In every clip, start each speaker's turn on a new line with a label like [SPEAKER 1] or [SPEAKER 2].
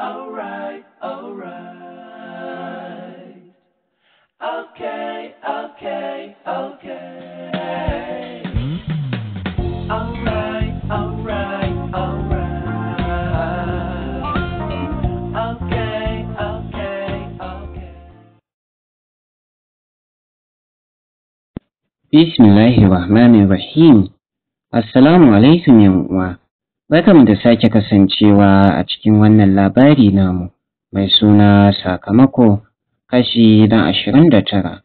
[SPEAKER 1] alright, alright. Okay, okay, okay. Alright,
[SPEAKER 2] alright, alright. Okay, okay, okay. Bismillahirrahmanirrahim. Assalamu alaikum, yan Barkanmu da sake kasancewa
[SPEAKER 1] a cikin wannan labari namu mai suna sakamako kashi na ashirin da tara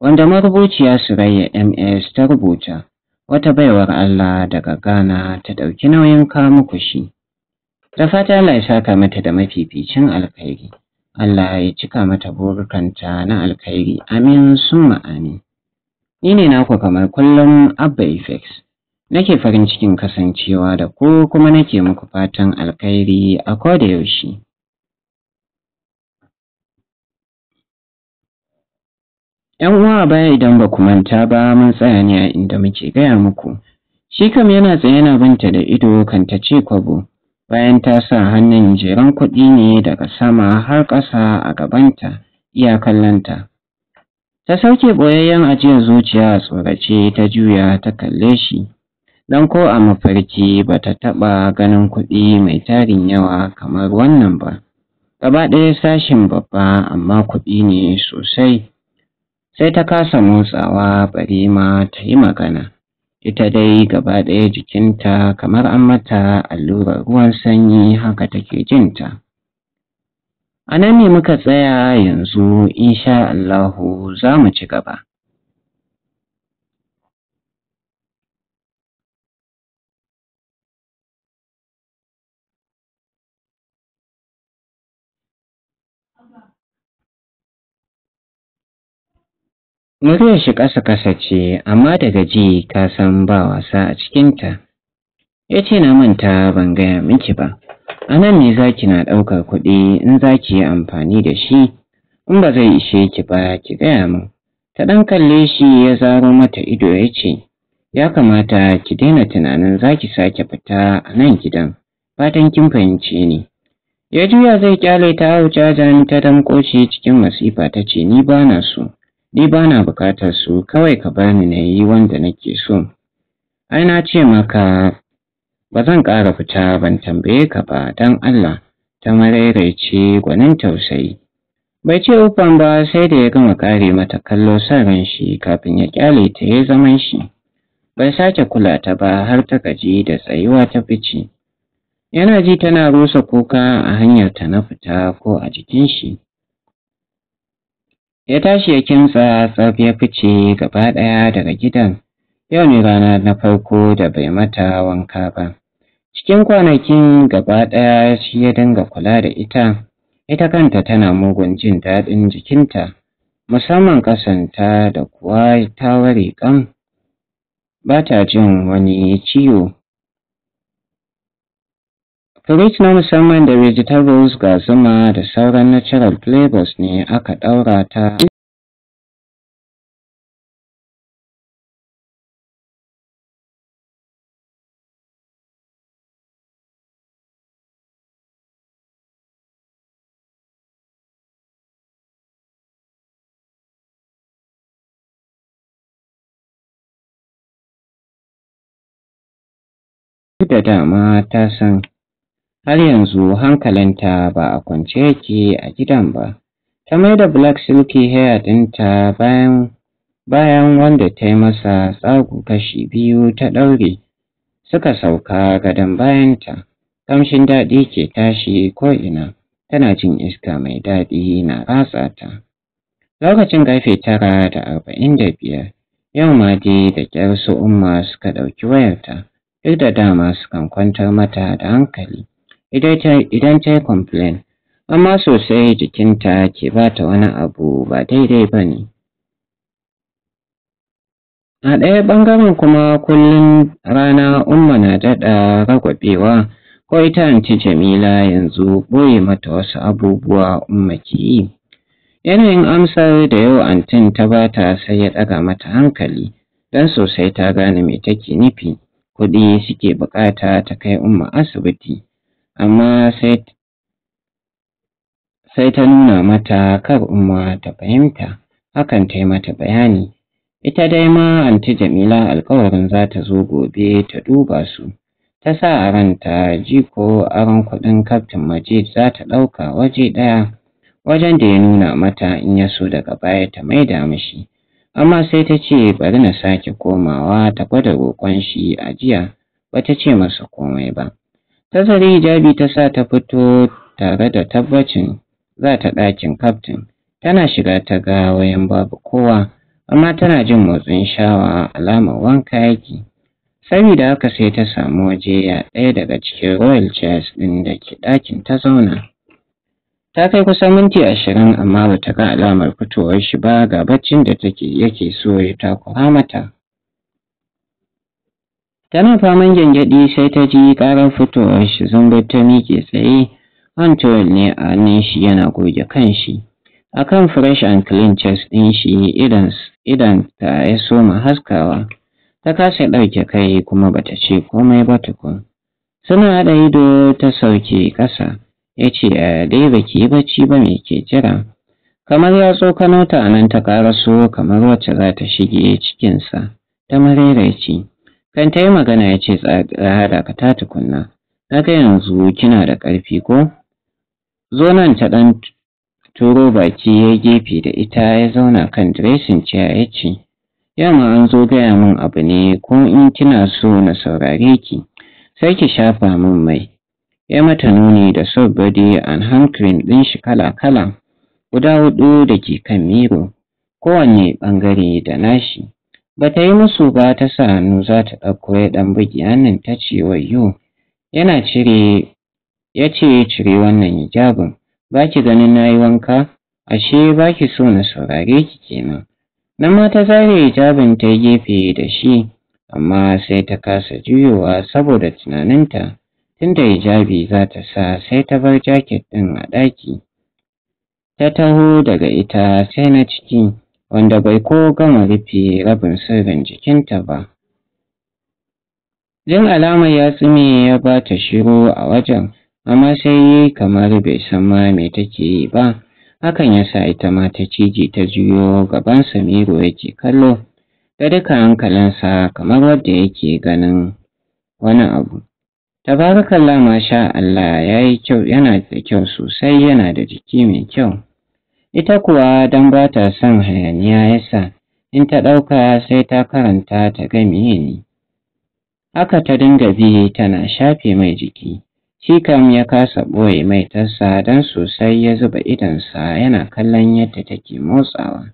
[SPEAKER 1] wanda marubuciya Surayya MS ta rubuta wata baiwar Allah daga Ghana ta ɗauki nauyin kawo muku shi. Da fata Allah ya saka mata da mafificin alkhairi. Allah ya cika mata burukanta na alkhairi. Amin sun amin. Ni ne naku kamar kullum Abba Effects. nake farin cikin kasancewa da ku kuma nake muku fatan alkhairi
[SPEAKER 2] a koda yaushe ‘Yan uwa baya idan ba ku manta ba mun tsaya ne a inda muke gaya
[SPEAKER 1] muku. Shi kam yana tsaye yana binta da ido kan ta ce kwabo, bayan ta sa hannun jeren kuɗi ne daga sama har ƙasa a gabanta iya kallonta. Ta sauke ɓoyayyen ajiyar zuciya a tsorace ta juya ta kalle shi. don ko a mafarki ba ta taɓa ganin kuɗi mai tarin yawa kamar wannan ba. Gaba ɗaya sashin babba amma kuɗi ne sosai. Sai ta kasa motsawa bari ma ta yi magana. Ita dai gaba ɗaya jikinta kamar an mata allurar ruwan sanyi haka take jinta. A nan ne muka tsaya yanzu insha
[SPEAKER 2] Allahu za mu ci gaba. Muryar shi ƙasa-ƙasa ce, amma daga ji ka san
[SPEAKER 1] ba wasa a cikinta. Ya ce na manta ban gaya miki ba, a nan ne zaki na ɗaukar kuɗi in zaki yi amfani da shi, in ba zai ishe ki ba ki gaya min. Ta ɗan kalle shi ya zaro mata ido ya ce, ya kamata ki daina tunanin za zaki sake fita a nan gidan, fatan kin fahimce ni. Ya juya zai kyale ta hau jajan ta damƙo shi cikin masifa ta ce ni ba na so. ni ba na bukatar su kawai ka bar ni na yi wanda nake so ai na ce maka ba zan ƙara fita ban tambaye ka ba don Allah ta marairaice gwanin tausayi bai ce ufan ba sai da ya gama kare mata kallo son ran shi kafin ya kyale ta ya zaman shi bai sake kula ta ba har ta gaji da tsayuwa ta fice yana ji tana rusa kuka a hanyar ta na fita ko a jikin shi ya tashi ya kimtsa tsaf ya fice gaba ɗaya daga gidan yau ne rana na farko da bai mata wanka ba cikin kwanakin gaba ɗaya shi ya dinga kula da ita ita kanta tana mugun jin daɗin jikinta musamman kasanta da kuwa ta ware kan ba ta jin wani ciwo Firij na musamman
[SPEAKER 2] da vegetables ga zuma da sauran natural flavors ne aka ɗaura ta. da dama ta san har yanzu
[SPEAKER 1] hankalinta ba a kwance yake a gidan ba. Ta mai da black silky hair ɗinta bayan bayan wanda ta yi masa tsagu kashi biyu ta ɗaure suka sauka gadon bayanta. Kamshin daɗi ke tashi ko'ina, tana jin iska mai daɗi na ratsa ta. Lokacin ƙarfe tara da arba'in da biyar, yau ma dai da ƙyar su umma suka ɗauki wayarta, duk da dama sukan kwantar mata da hankali. idan ta yi complain amma sosai jikinta ke ba ta wani abu ba daidai ba ne a ɗaya ɓangaren kuma kullum rana umma na daɗa ragwabewa ko ita anti jamila yanzu ɓoye mata wasu abubuwa umma ke yi yanayin amsar da yau antin ta bata sai ya ɗaga mata hankali don sosai ta gane mai take nufi kuɗi suke buƙata ta kai umma asibiti amma sai sai ta nuna mata kar umma ta fahimta hakan ta yi mata bayani ita dai ma anti jamila alkawarin za ta zo gobe ta duba su ta sa a ji ko aron kuɗin kaftin majid za ta ɗauka waje ɗaya wajen da ya nuna mata in ya so daga baya ta maida mishi amma sai ta ce bari na sake komawa ta gwada roƙon shi a jiya bata ce masa komai ba Tazari hijabi ta sa ta fito tare da tabbacin za ta ɗakin kaftin tana shiga ta ga wayan babu kowa amma tana jin motsin shawa alamar wanka yake sabida haka sai ta samu waje ya ɗaya daga cikin royal chairs ɗin da ke ɗakin ta zauna ta kai kusan minti ashirin amma bata ga alamar fitowar shi ba ga baccin da take yake so ya takura mata Tana faman gyangyaɗi sai ta ji ƙarar fitowar shi zumbar ta miƙe tsaye. Antoine ne a hannun shi yana goge kan shi. A kan fresh and clean chest ɗin shi idan ta ya soma haskawa. Ta kasa ɗauke kai kuma ba ta ce komai ba tukun. Suna haɗa ido ta sauke ƙasa. Ya ce a eh, dai baki yi bacci ba me ke jira. kamar ya tsokano ta nan ta ƙara so kamar wacce za ta shige cikinsa ta ce. Kan ta yi magana ya ce tsada ka ta tukunna. Na ga yanzu kina da ƙarfi ko? Zo nan ta ɗan turo baki ya gefe da ita ya zauna kan direshin ciya ya ce, Yamma an zo gaya min abu ne ko in kina so na saurare ki, sai ki shafa min mai. Ya mata nuni da soft body and hand ɗin shi kala-kala, guda huɗu da ke kan miro, kowanne ɓangare da nashi. Ba ta yi musu ba ta sa hannu za ta ɗauko ya ɗan buge hannun ta ce wayyo. Yana cire ya ce cire wannan hijabin. Ba ki ganin na yi wanka? Ashe ba ki so na saurare ki kenan. Nan ma ta zare hijabin ta gefe da shi amma sai ta kasa juyowa saboda tunaninta. Tunda hijabi za ta sa sai ta bar jaket ɗin a ɗaki. Ta taho daga ita sai na ciki. wanda bai ko gama rufe rabin sirrin jikinta ba. Jin alamar ya ya ba ta shiru a wajen, amma sai yi kamar bai san ma me take yi ba, hakan ya sa ita ma ta ciji ta juyo gaban ya yake kallo, da duka hankalinsa kamar wadda yake ganin wani abu. Tabarakallah masha Allah ya yi kyau yana da kyau sosai yana da jiki mai kyau. ita kuwa don ba ta son hayaniya yasa in ta ɗauka sai ta karanta ta ga ni Haka ta dinga bi tana shafe mai jiki, shi kam ya kasa ɓoye
[SPEAKER 2] mai tassa don sosai ya zuba idonsa yana kallon yadda take motsawa.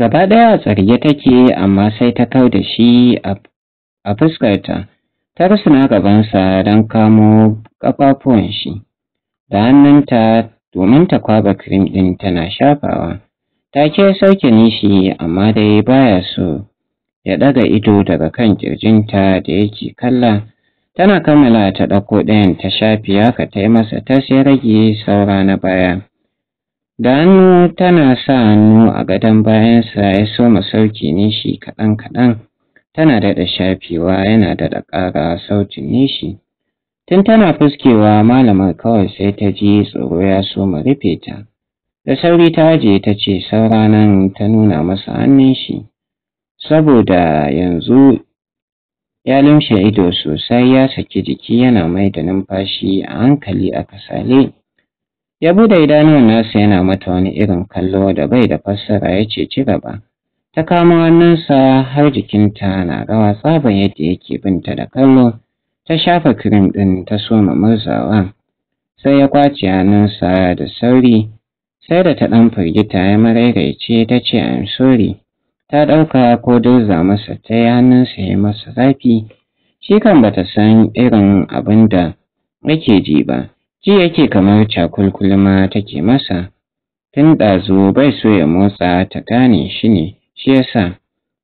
[SPEAKER 2] gaba ɗaya tsarge take amma sai
[SPEAKER 1] ta kau da shi a fuskarta ta rusuna gabansa don kamo ƙafafuwan shi da hannunta domin ta kwaba krim ɗin tana shafawa Ta ke sauke nishi amma dai baya so ya ɗaga ido daga kan kirjinta da yake kalla tana kammala ta ɗauko ɗayan ta shafi haka ta yi masa ta sai rage saura na baya da hannu tana sa hannu a gadon bayansa ya soma sauki nishi kaɗan-kaɗan tana daɗa shafewa yana daɗa ƙara sautin nishi tun tana fuskewa malamar kawai sai ta ji tsoro ya so soma rufe ta da sauri ta je ta ce sauranan ta nuna masa hannun shi saboda yanzu ya lumshe ido sosai ya saki jiki yana mai da numfashi a hankali a kasale ya bude idanuwan nasa yana mata wani irin kallo da bai da fassara ya ce ci gaba ta kama hannunsa har jikinta na rawa tsaban yadda yake binta da kallo ta shafa kirim ɗin ta soma murzawa sai ya kwace hannunsa da sauri sai da ta ɗan firgita ya marairaice ta ce I'm sorry ta ɗauka ko dirza masa ta yi hannunsa ya yi masa zafi shi kan bata san irin abin da yake ji ba Ji yake kamar cakulkulma take masa, tun ɗazu bai so ya motsa ta gane shi ne, shi yasa.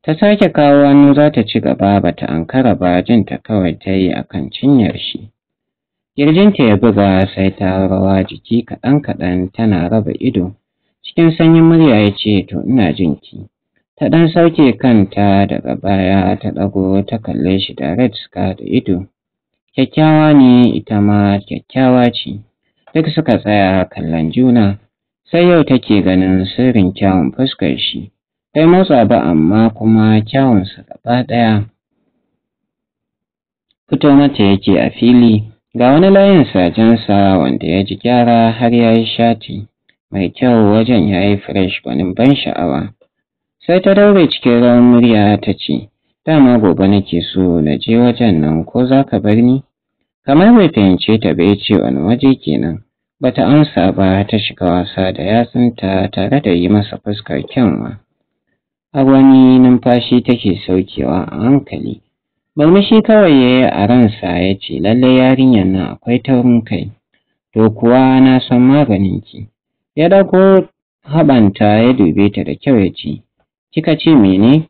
[SPEAKER 1] Ta sake kawo hannu za ta ci gaba ba ta ankara ba jin ta kawai ta yi a kan cinyar shi. Kirjinta ya buga sai ta rawa jiki kaɗan-kaɗan tana raba ido. Cikin sanyin murya ya ce, To ina jin ki. Ta ɗan sauke kanta daga baya ta ɗago ta kalle shi da red scar da ido. kyakkyawa ne ita ma kyakkyawa ce duk suka tsaya kallon juna sai yau take ganin sirrin kyawun fuskar shi Kai motsa ba amma kuma kyawunsa gaba ɗaya fito mata yake a fili ga wani layin sajensa wanda ya ji gyara har ya yi shati mai kyau wajen ya yi fresh gwanin ban sha'awa sai ta daure cikin rawan murya ta ce dama gobe nake so na je wajen nan ko za ka bar ni kamar bai fahimce ta bai ce wani waje kenan bata amsa ba ta shiga wasa da yatsunta tare da yi masa fuskar kyanwa a wani numfashi take saukewa a hankali murmushi kawai ya yi a ransa ya ce lallai yarinyar nan akwai taurin kai to kuwa na san maganin ki ya dauko haɓanta ya dube ta da kyau ya ce kika ce mene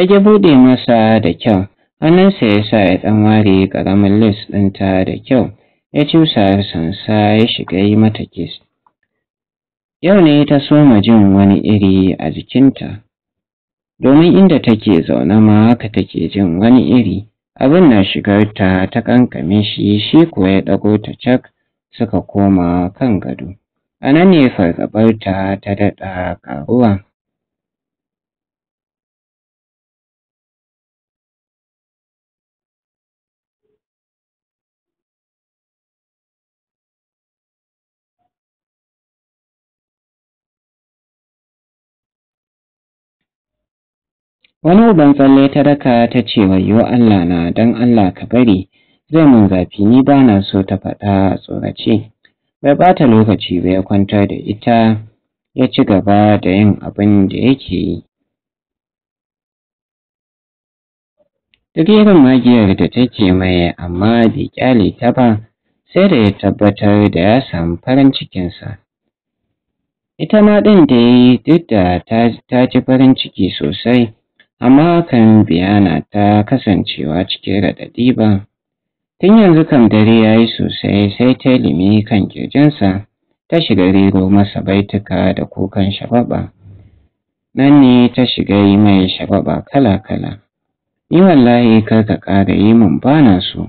[SPEAKER 1] ji buɗe masa da kyau, hannunsa ya sa ya ɗan ware ƙaramin lis ɗinta da kyau, ya cusa sansa ya shiga yi mata kis. Yau ne ta soma jin wani iri a jikinta, domin inda take zaune ma haka take jin wani iri, abin na shigar ta ta ƙanƙame shi shi kuwa ya ɗago ta cak suka koma
[SPEAKER 2] kan gado. A nan ne fargabarta ta daɗa ƙaruwa. Wani uban tsalle ta raka ta ce wa wayo Allah na
[SPEAKER 1] don Allah ka bari zai mun zafi ni ba na so ta faɗa tsorace. Bai ɓata lokaci ba ya kwantar da ita ya ci gaba da yin abin da yake yi.
[SPEAKER 2] Duk irin magiyar
[SPEAKER 1] da take mai amma bai kyale ta ba sai da ya tabbatar da ya samu farin cikinsa. Ita ma ɗin da ya yi duk da ta ji farin ciki sosai. amma kan biyana ta kasancewa cike raɗaɗi ba. Tun yanzu kam dare ya yi sosai sai ta limi kan kirjinsa ta shiga rero masa baituka da kukan shababa. Nan ne ta shiga yi mai shababa kala-kala. Ni wallahi kar ka ƙara yi mun bana su.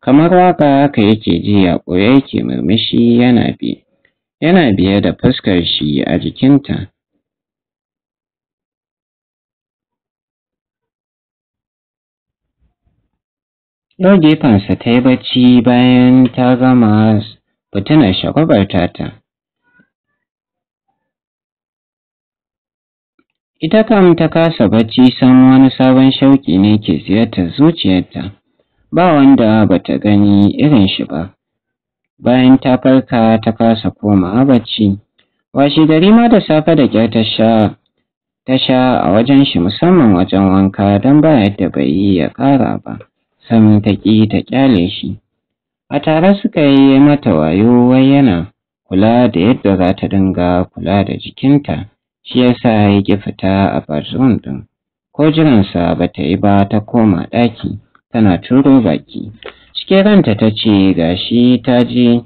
[SPEAKER 1] Kamar waka haka yake ji a ɓoye yake murmushi yana
[SPEAKER 2] bi. Yana biye da fuskar shi a jikinta. Ɗau gefensa ta yi bacci bayan ta gama fitinar
[SPEAKER 1] shagwabar tata. Ita kam ta kasa bacci san wani sabon shauƙi ne ke ziyartar zuciyarta, ba wanda ba ta gani irin shi ba. Bayan ta farka ta kasa komawa bacci, Washi gari ma da safe da ƙyar ta sha a wajen shi musamman wajen wanka don ba yadda bai yi ya ƙara ba. San ta ƙi ta ƙyale shi. A tare suka yi mata wayo wai yana kula da yadda za ta dinga kula da jikinta, shi yasa ya ƙi fita a barzon ɗin. Ko jiransa ba ta yi ba ta koma ɗaki, tana turo baki. Cikin ranta ta ce gashi ta je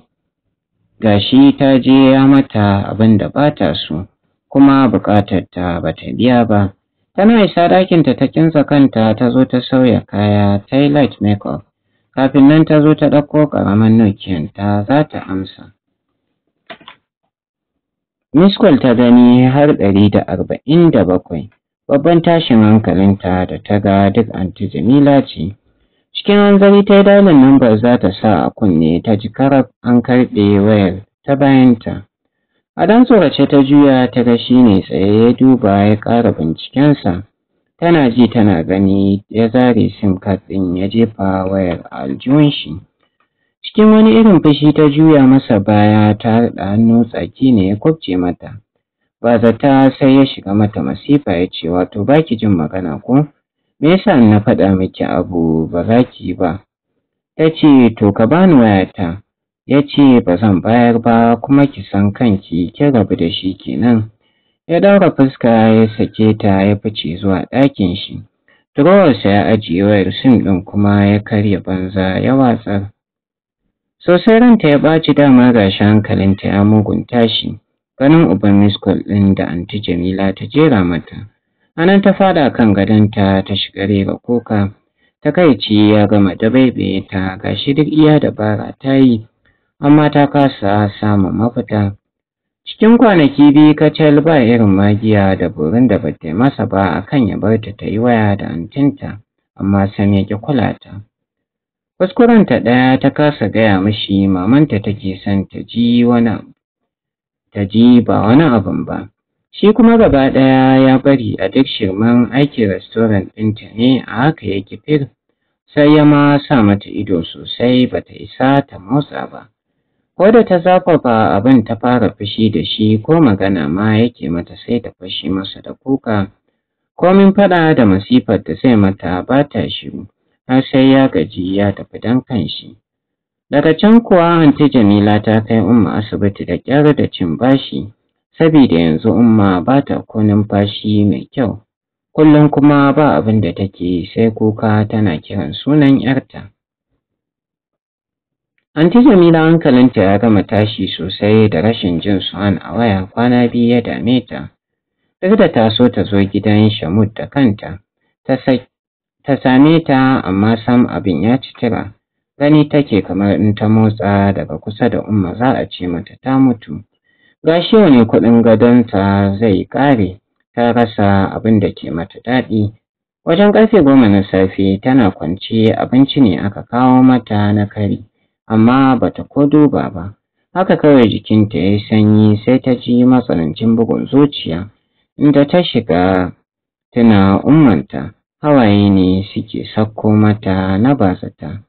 [SPEAKER 1] ta je ya mata abin da ba ta so, kuma buƙatar ta ba ta biya ba. Tana isa ɗakinta ta kinsa kanta ta zo ta sauya kaya ta yi light makeup. Kafin nan ta zo ta ɗauko ƙaramin nokin ta za ta amsa. Miskwal ta gani har ɗari da arba'in da bakwai. Babban tashin hankalinta da ta ga duk anti Jamila ce. Cikin hanzari ta yi dalin lambar za ta sa a kunne ta ji karab an karɓe wayar ta bayanta. A dan tsorace ta juya ta ga shi ne tsaye ya duba ya ƙara bincikensa. Tana ji tana gani ya zare sim card ɗin ya jefa wayar aljihun shi. Cikin wani irin fushi ta juya masa baya ta haɗa hannu tsaki ne ya kwabce mata. Ba zata sai ya shiga mata masifa ya ce wato baki jin magana ko? Me yasa na faɗa miki abu ba za ki yi ba? Ta ce to ka bani wayata. ya ce ba zan bayar ba kuma ki san kanki ki rabu da shi kenan ya ɗaura fuska ya sake ta ya fice zuwa ɗakin shi turowarsa ya ajiye wayar sim ɗin kuma ya karya banza ya watsar sosai ranta ya ɓaci dama gashi hankalinta ya mugunta shi ganin uban miskol ɗin da anti jamila ta jera mata anan ta fada kan gadonta ta shiga rera kuka takaici ya gama dabaibaye ta gashi duk iya dabara ta yi amma ta kasa samun mafita. Cikin kwanaki biyu kacal ba irin magiya da burin da ba ta masa ba a kan ya bar ta ta yi waya da antinta, amma sam ya ƙi kula ta. Kuskurenta ɗaya ta kasa gaya mishi mamanta take son ta ji wani ta ji ba wani abin ba. Shi kuma gaba ɗaya ya bari a duk shirman aikin restoran ɗinta ne a haka ya kifir, sai ya ma sa mata ido sosai ba ta isa ta motsa ba. Ko da ta zafafa abin ta fara fushi da shi ko magana ma yake mata sai ta fashi masa da kuka. Komin faɗa da masifar da zai mata ba ta shi, har sai ya gaji ya tafi dan kanshi. Daga can kuwa Anti Jamila ta kai Umma asibiti da ƙyar da cin bashi, sabida yanzu Umma ba ta ko numfashi mai kyau. Kullum kuma ba abin da take sai kuka tana kiran sunan ‘yarta. Anti Jamila hankalinta ya gama tashi sosai da rashin jin Suhan a waya kwana biyu ya dame ta. Duk da ta so ta zo gidan Shamud da kanta, ta same ta amma sam abin ya ci tira. Gani take kamar in ta motsa daga kusa da umma za a ce mata ta mutu. Gashi ne kuɗin gadonta zai ƙare, ta rasa abin da ke mata daɗi. Wajen ƙarfe goma na safe tana kwance abinci ne aka kawo mata na kari. amma bata ko duba ba haka kawai jikinta ya sanyi sai ta ji matsanancin bugun zuciya inda ta shiga
[SPEAKER 2] tana ummanta hawaye ne suke sakko mata na bazata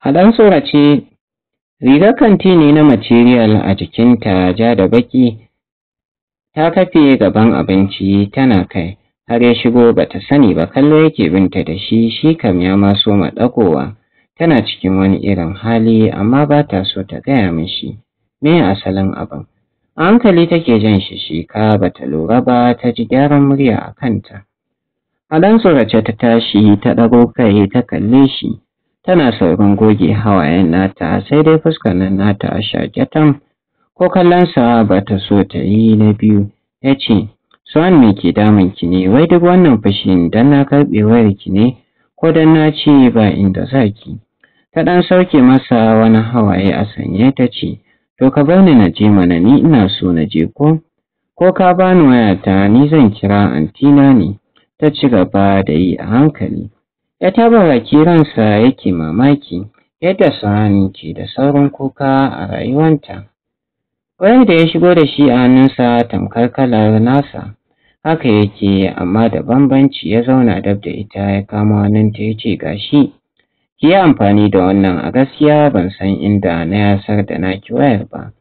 [SPEAKER 2] A ɗan tsorace, rigar kanti ne na material a jikinta ja da baki.
[SPEAKER 1] ta kafe gaban abinci tana kai, har ya shigo ba ta sani ba kallo yake binta da shi shi kam ya ma so ɗagowa. Tana cikin wani irin hali amma ba ta so ta gaya mishi, me asalin abin. A hankali take jan shi shika ba ta lura ba ta ji gyaran murya a kanta. A ɗan tsorace ta tashi ta ɗago kai ta kalle shi. tana saurin goge hawayen nata sai dai fuskar nan nata a shaƙe tam ko kallonsa ba ta so ta yi na biyu ya ce suwan me ke damun ki ne wai duk wannan fashin dan na karɓe wayar ki ne ko dan na ce ba inda za ki ta ɗan sauke masa wani hawaye a sanye ta ce to ka bar ni na je mana ni ina so na je ko ko ka bani wayata ni zan kira antina ne ta ci gaba da yi a hankali ya taba baki ransa yake mamaki yadda Sani ke da saurin kuka a rayuwanta wayar da ya shigo da shi a hannunsa tamkar kalar nasa haka yake amma da banbanci ya zauna dab da ita ya kama hannunta ya ce gashi ki yi amfani da wannan a gaskiya ban san inda na yasar da ki wayar ba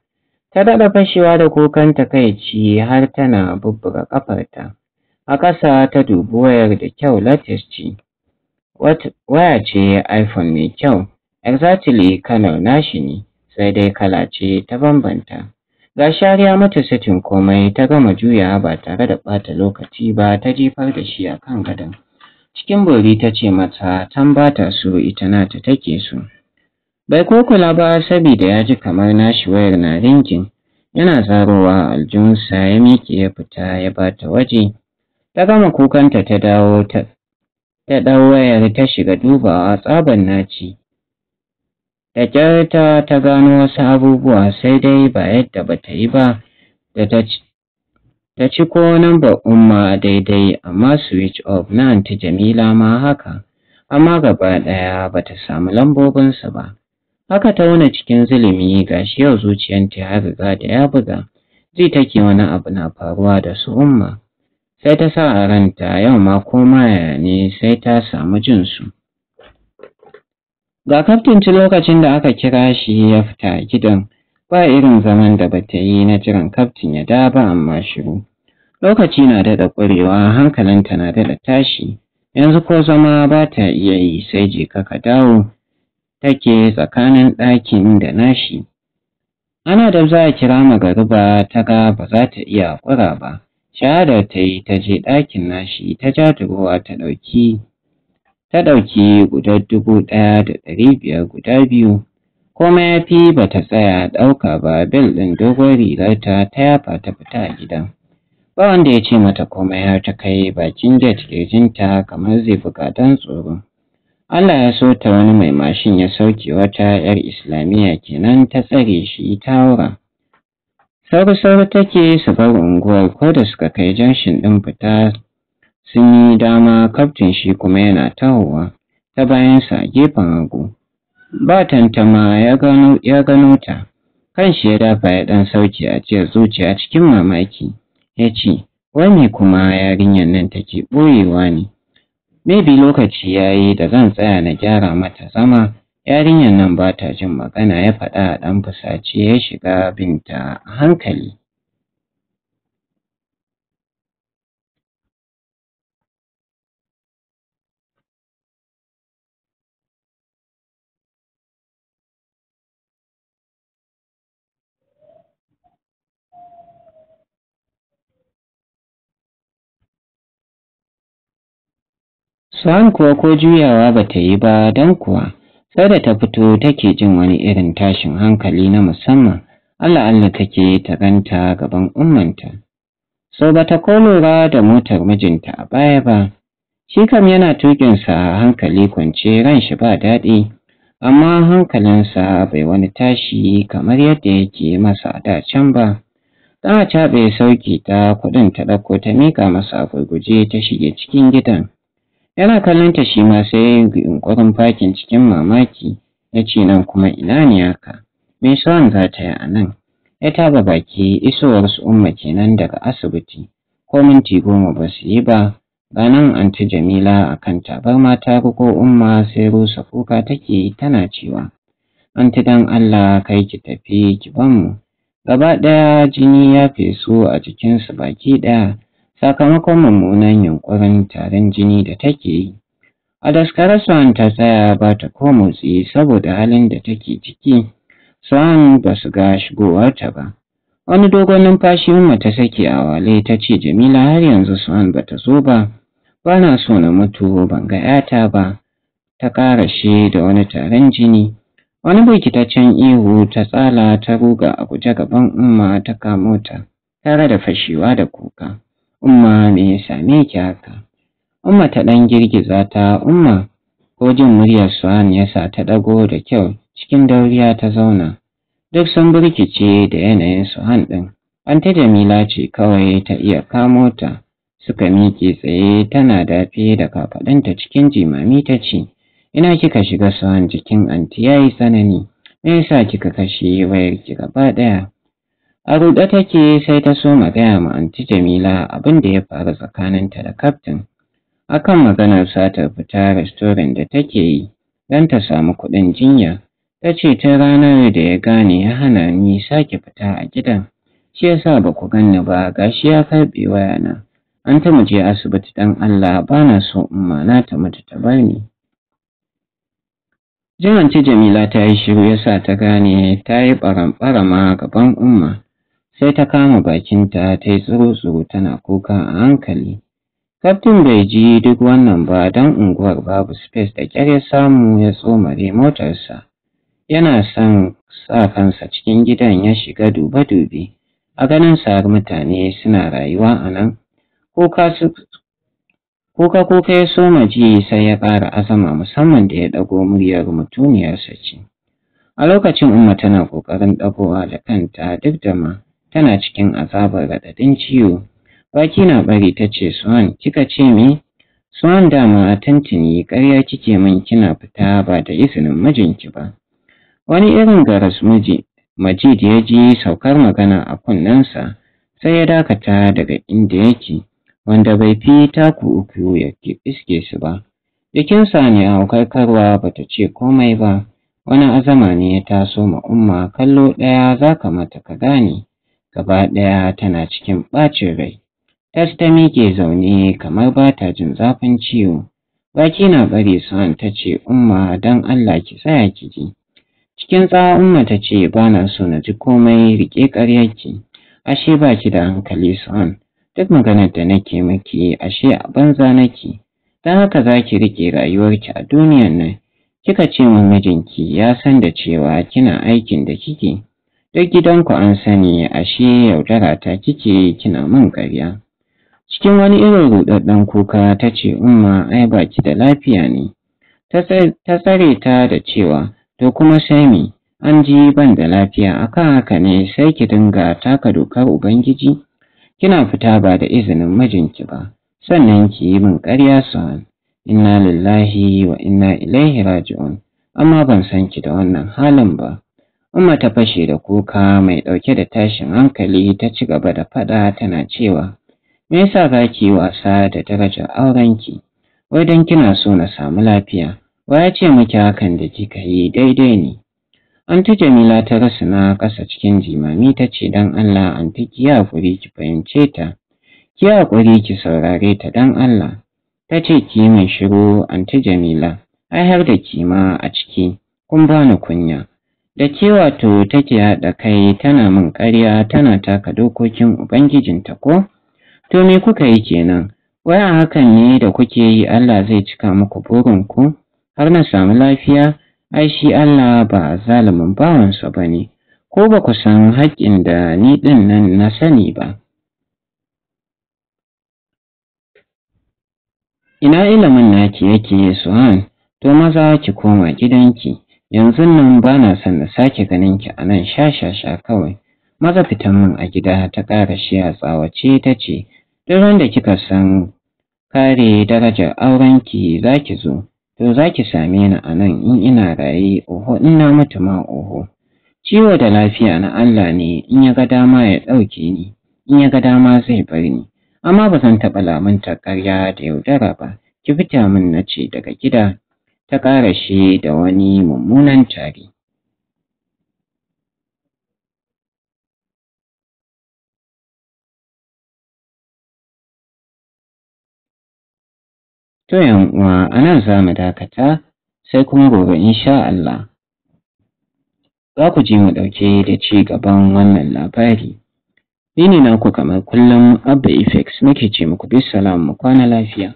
[SPEAKER 1] ta daɗa fashewa da kukan takaici har tana bubbuga ƙafarta a ƙasa ta dubi wayar da kyau latas ce waya ce iPhone mai kyau, exactly kalar nashi ne, sai dai kala ce ta bambanta. Ga shariya mata satin komai ta gama juya ba tare da ɓata lokaci ba ta jefar da shi a kan gadon. Cikin bori ta ce mata tan ba ta so ita nata take so. Bai ko kula ba sabida ya ji kamar nashi wayar na rinkin. Yana zarowa aljihunsa ya miƙe ya fita ya bata waje. Ta gama kukanta ta dawo ta ta ɗan wayar ta shiga dubawa tsaban naci. Da ƙyarta ta gano wasu abubuwa sai dai ba yadda ba ta yi ba da ta ci ko namba umma daidai amma switch off na Jamila ma haka, amma gaba ɗaya ba ta samu lambobinsa ba. Haka ta wani cikin zulumi shi yau zuciyanta ya riga da ya buga, zai take wani abu na faruwa da su umma. sai ta sa a ranta yau ma koma ne sai ta samu jinsu ga kaftinci lokacin da aka kira shi ya fita gidan ba irin zaman da bata yi na jiran kaftin ya da ba amma shiru lokaci na daɗa ƙwarewa hankalinta na daɗa tashi yanzu ko zama ba ta iya yi sai je ka dawo take tsakanin ɗakin da nashi ana da za a kira magariba ta ga ba za ta iya ƙura ba shahada ta yi ta je ɗakin nashi ta ja ta ɗauki ta ɗauki guda dubu ɗaya da ɗari biyar guda biyu kuma ya fi ba ta tsaya ɗauka ba bel ɗin dogon rigarta ta yafa ta fita a gidan ba wanda ya ce mata komai har ta kai bakin gate kirjinta kamar zai bukatan tsoro Allah ya so ta wani mai mashin ya sauke wata 'yar Islamiyya kenan ta tsare shi ta wura. sauri-sauri take su bar unguwar ko da suka kai janshin ɗin fita sun yi dama kaftin shi kuma yana tahowa ta bayansa a gefen hagu ba tantama ya gano ta kan shi ya dafa ya ɗan sauki a ce zuciya cikin mamaki ya ce wani kuma yarinyar nan take ɓoyewa ne maybe lokaci ya yi da zan tsaya na gyara mata zama yarinyar nan ba
[SPEAKER 2] ta jin magana ya faɗa a ɗan fusace ya shiga binta a hankali Sa'an kuwa ko juyawa ba ta yi ba don kuwa. kada ta fito take
[SPEAKER 1] jin wani irin tashin hankali na musamman Allah Allah take ta ganta gaban ummanta so bata ko lura da motar mijinta a baya ba shi kam yana tukinsa hankali kwance ran shi ba daɗi amma hankalinsa bai wani tashi kamar yadda yake masa a can ba ta caɓe sauki ta kuɗin ta ɗauko ta miƙa masa a gurguje ta shige cikin gidan yana kallon ta shi ma sai yin yunƙurin fakin cikin mamaki ya ce nan kuma ina ne haka me son za ta yi a nan ya taba baki isowar su umma kenan daga asibiti ko minti goma ba su yi ba nan, anti jamila a kan tabarma mata ko umma sai rusa kuka take tana cewa anti dan allah kai ki tafi ki ban mu. gaba ɗaya jini ya feso a jikinsu baki ɗaya sakamakon mummunan yunƙurin tarin jini da take yi. A daskarar Swan ta tsaya ba ta ko motsi saboda halin da take ciki, Swan ba su ga shigowarta ba. Wani dogon numfashi Umma ta sake a wale ta ce Jamila har yanzu Swan ba ta zo ba, ba na so na mutu ban ga ‘yata ba, ta ƙara shi da wani taron jini. Wani rikitaccen ihu ta tsala ta ruga a guje gaban Umma ta kamo ta, tare da fashewa da kuka. Umma me ya same ki haka? Umma ta ɗan girgiza ta Umma ko jin muryar Suhan ya sa ta dago da kyau cikin dauriya ta zauna. Duk sun burkice da yanayin Suhan ɗin. Anta Jamila ce kawai ta iya kamo ta. Suka miƙe tsaye tana dafe da kafaɗanta cikin jimami ta ce, Ina kika shiga Suhan jikin anti ya yi tsanani, me yasa kika kashe wayar ki gaba ɗaya? A ruɗe take sai ta so gaya ma anti Jamila abin da ya faru tsakaninta da kaftin. Akan maganar sa ta fita restoran da take yi don ta samu kuɗin jinya. Ta ce ta ranar da ya gane ya hana ni sake fita a gidan. Shi yasa ba ku ganni ba gashi ya karɓe wayana. An ta muje asibiti dan Allah ba na so umma na ta mutu ta bar ni. Jin anti Jamila ta yi shiru ya sa ta gane ta yi ɓaramɓarama gaban umma. sai ta kama bakinta ta yi tsuru-tsuru tana kuka a hankali. Kaftin bai ji duk wannan ba don unguwar babu space da ƙyar ya samu ya tsomare motarsa. Yana son sa kansa cikin gidan ya shiga dube dubi A ganin sa mutane suna rayuwa a nan. Kuka kuka ya soma ji sai ya ƙara azama musamman da ya ɗago muryar mutuniyarsa ce. A lokacin Umma tana ƙoƙarin ɗagowa da kanta duk da ma tana cikin azabar raɗaɗin ciwo. Baki na bari ta ce Swan, kika ce me? Swan dama tantini ƙarya kike min kina fita ba da izinin mijinki ba. Wani irin garas miji, Majid ya ji saukar magana a kunnensa sai ya dakata daga inda yake, wanda bai fi taku uku ya iske su ba. Bikin ne a karkarwa ba ta ce komai ba, wani azama ne ya taso ma'umma, kallo ɗaya za ka mata ka gane. gaba ɗaya tana cikin ɓacin rai. Tas ta miƙe zaune kamar ba ta jin zafin ciwo. Baki na bari son ta ce umma don Allah ki tsaya ki ji. Cikin tsawa umma ta ce ba na so na ji komai riƙe ƙaryarki. Ashe ba ki da hankali son. Duk maganar da nake miki ashe a banza nake. Don haka za ki riƙe rayuwarki a duniyar nan. Kika ce mun mijinki ya san da cewa kina aikin da kike. duk gidanku an sani ashe yaudara ta kike kina min ƙarya cikin wani irin ruɗaɗɗen kuka ta ce umma ai baki da lafiya ne ta tsare ta da cewa to kuma sai me an ji ban da lafiya akan haka ne sai ki dinga taka dokar ubangiji kina fita ba da izinin mijinki ba sannan ki yi min ƙarya suhan inna lillahi wa inna ilaihi raji'un amma ban san ki da wannan halin ba Umma ta fashe da kuka mai ɗauke da tashin hankali ta ci gaba da faɗa tana cewa, Me yasa za ki yi wasa da darajar aurenki? Wai don kina so na samu lafiya, wa ya ce miki hakan da kika yi daidai ne? Anti Jamila ta rasu na ƙasa cikin jimami ta ce don Allah anti ki haƙuri ki fahimce ta, ki haƙuri ki saurare ta don Allah. Ta ce ki yi shiru anti Jamila, ai har da kima a ciki, kun bani kunya. da ce wato take haɗa kai tana min ƙarya tana taka dokokin ubangijinta ko to me kuka yi kenan wai a hakan ne da kuke yi Allah zai cika muku ku? har na samu lafiya ai shi Allah ba zalumin bawansa ba ne ko ba ku san haƙƙin da ni ɗin nan na sani ba ina ilimin naki yake Suhan to maza ki koma gidanki yanzu nan ba na son na sake ganin ki a nan sha kawai maza fitan min a gida ta ƙara shi a tsawace ta ce duk wanda kika san kare darajar aurenki za ki zo to za ki same ni a nan in ina raye oho in na mutu ma oho ciwo da lafiya na Allah ne in ya ga dama ya ɗauke ni in ya ga dama zai bar ni amma ba zan taɓa lamunta ƙarya da yaudara ba ki
[SPEAKER 2] fita min na ce daga gida ta ƙara shi da wani mummunan tari. To uwa a nan za mu dakata sai kuma gobe insha Allah.
[SPEAKER 1] Za ku ji mu ɗauke da ci gaban wannan labari. Ni ne naku kamar kullum Abba Effects muke ce muku mu kwana lafiya.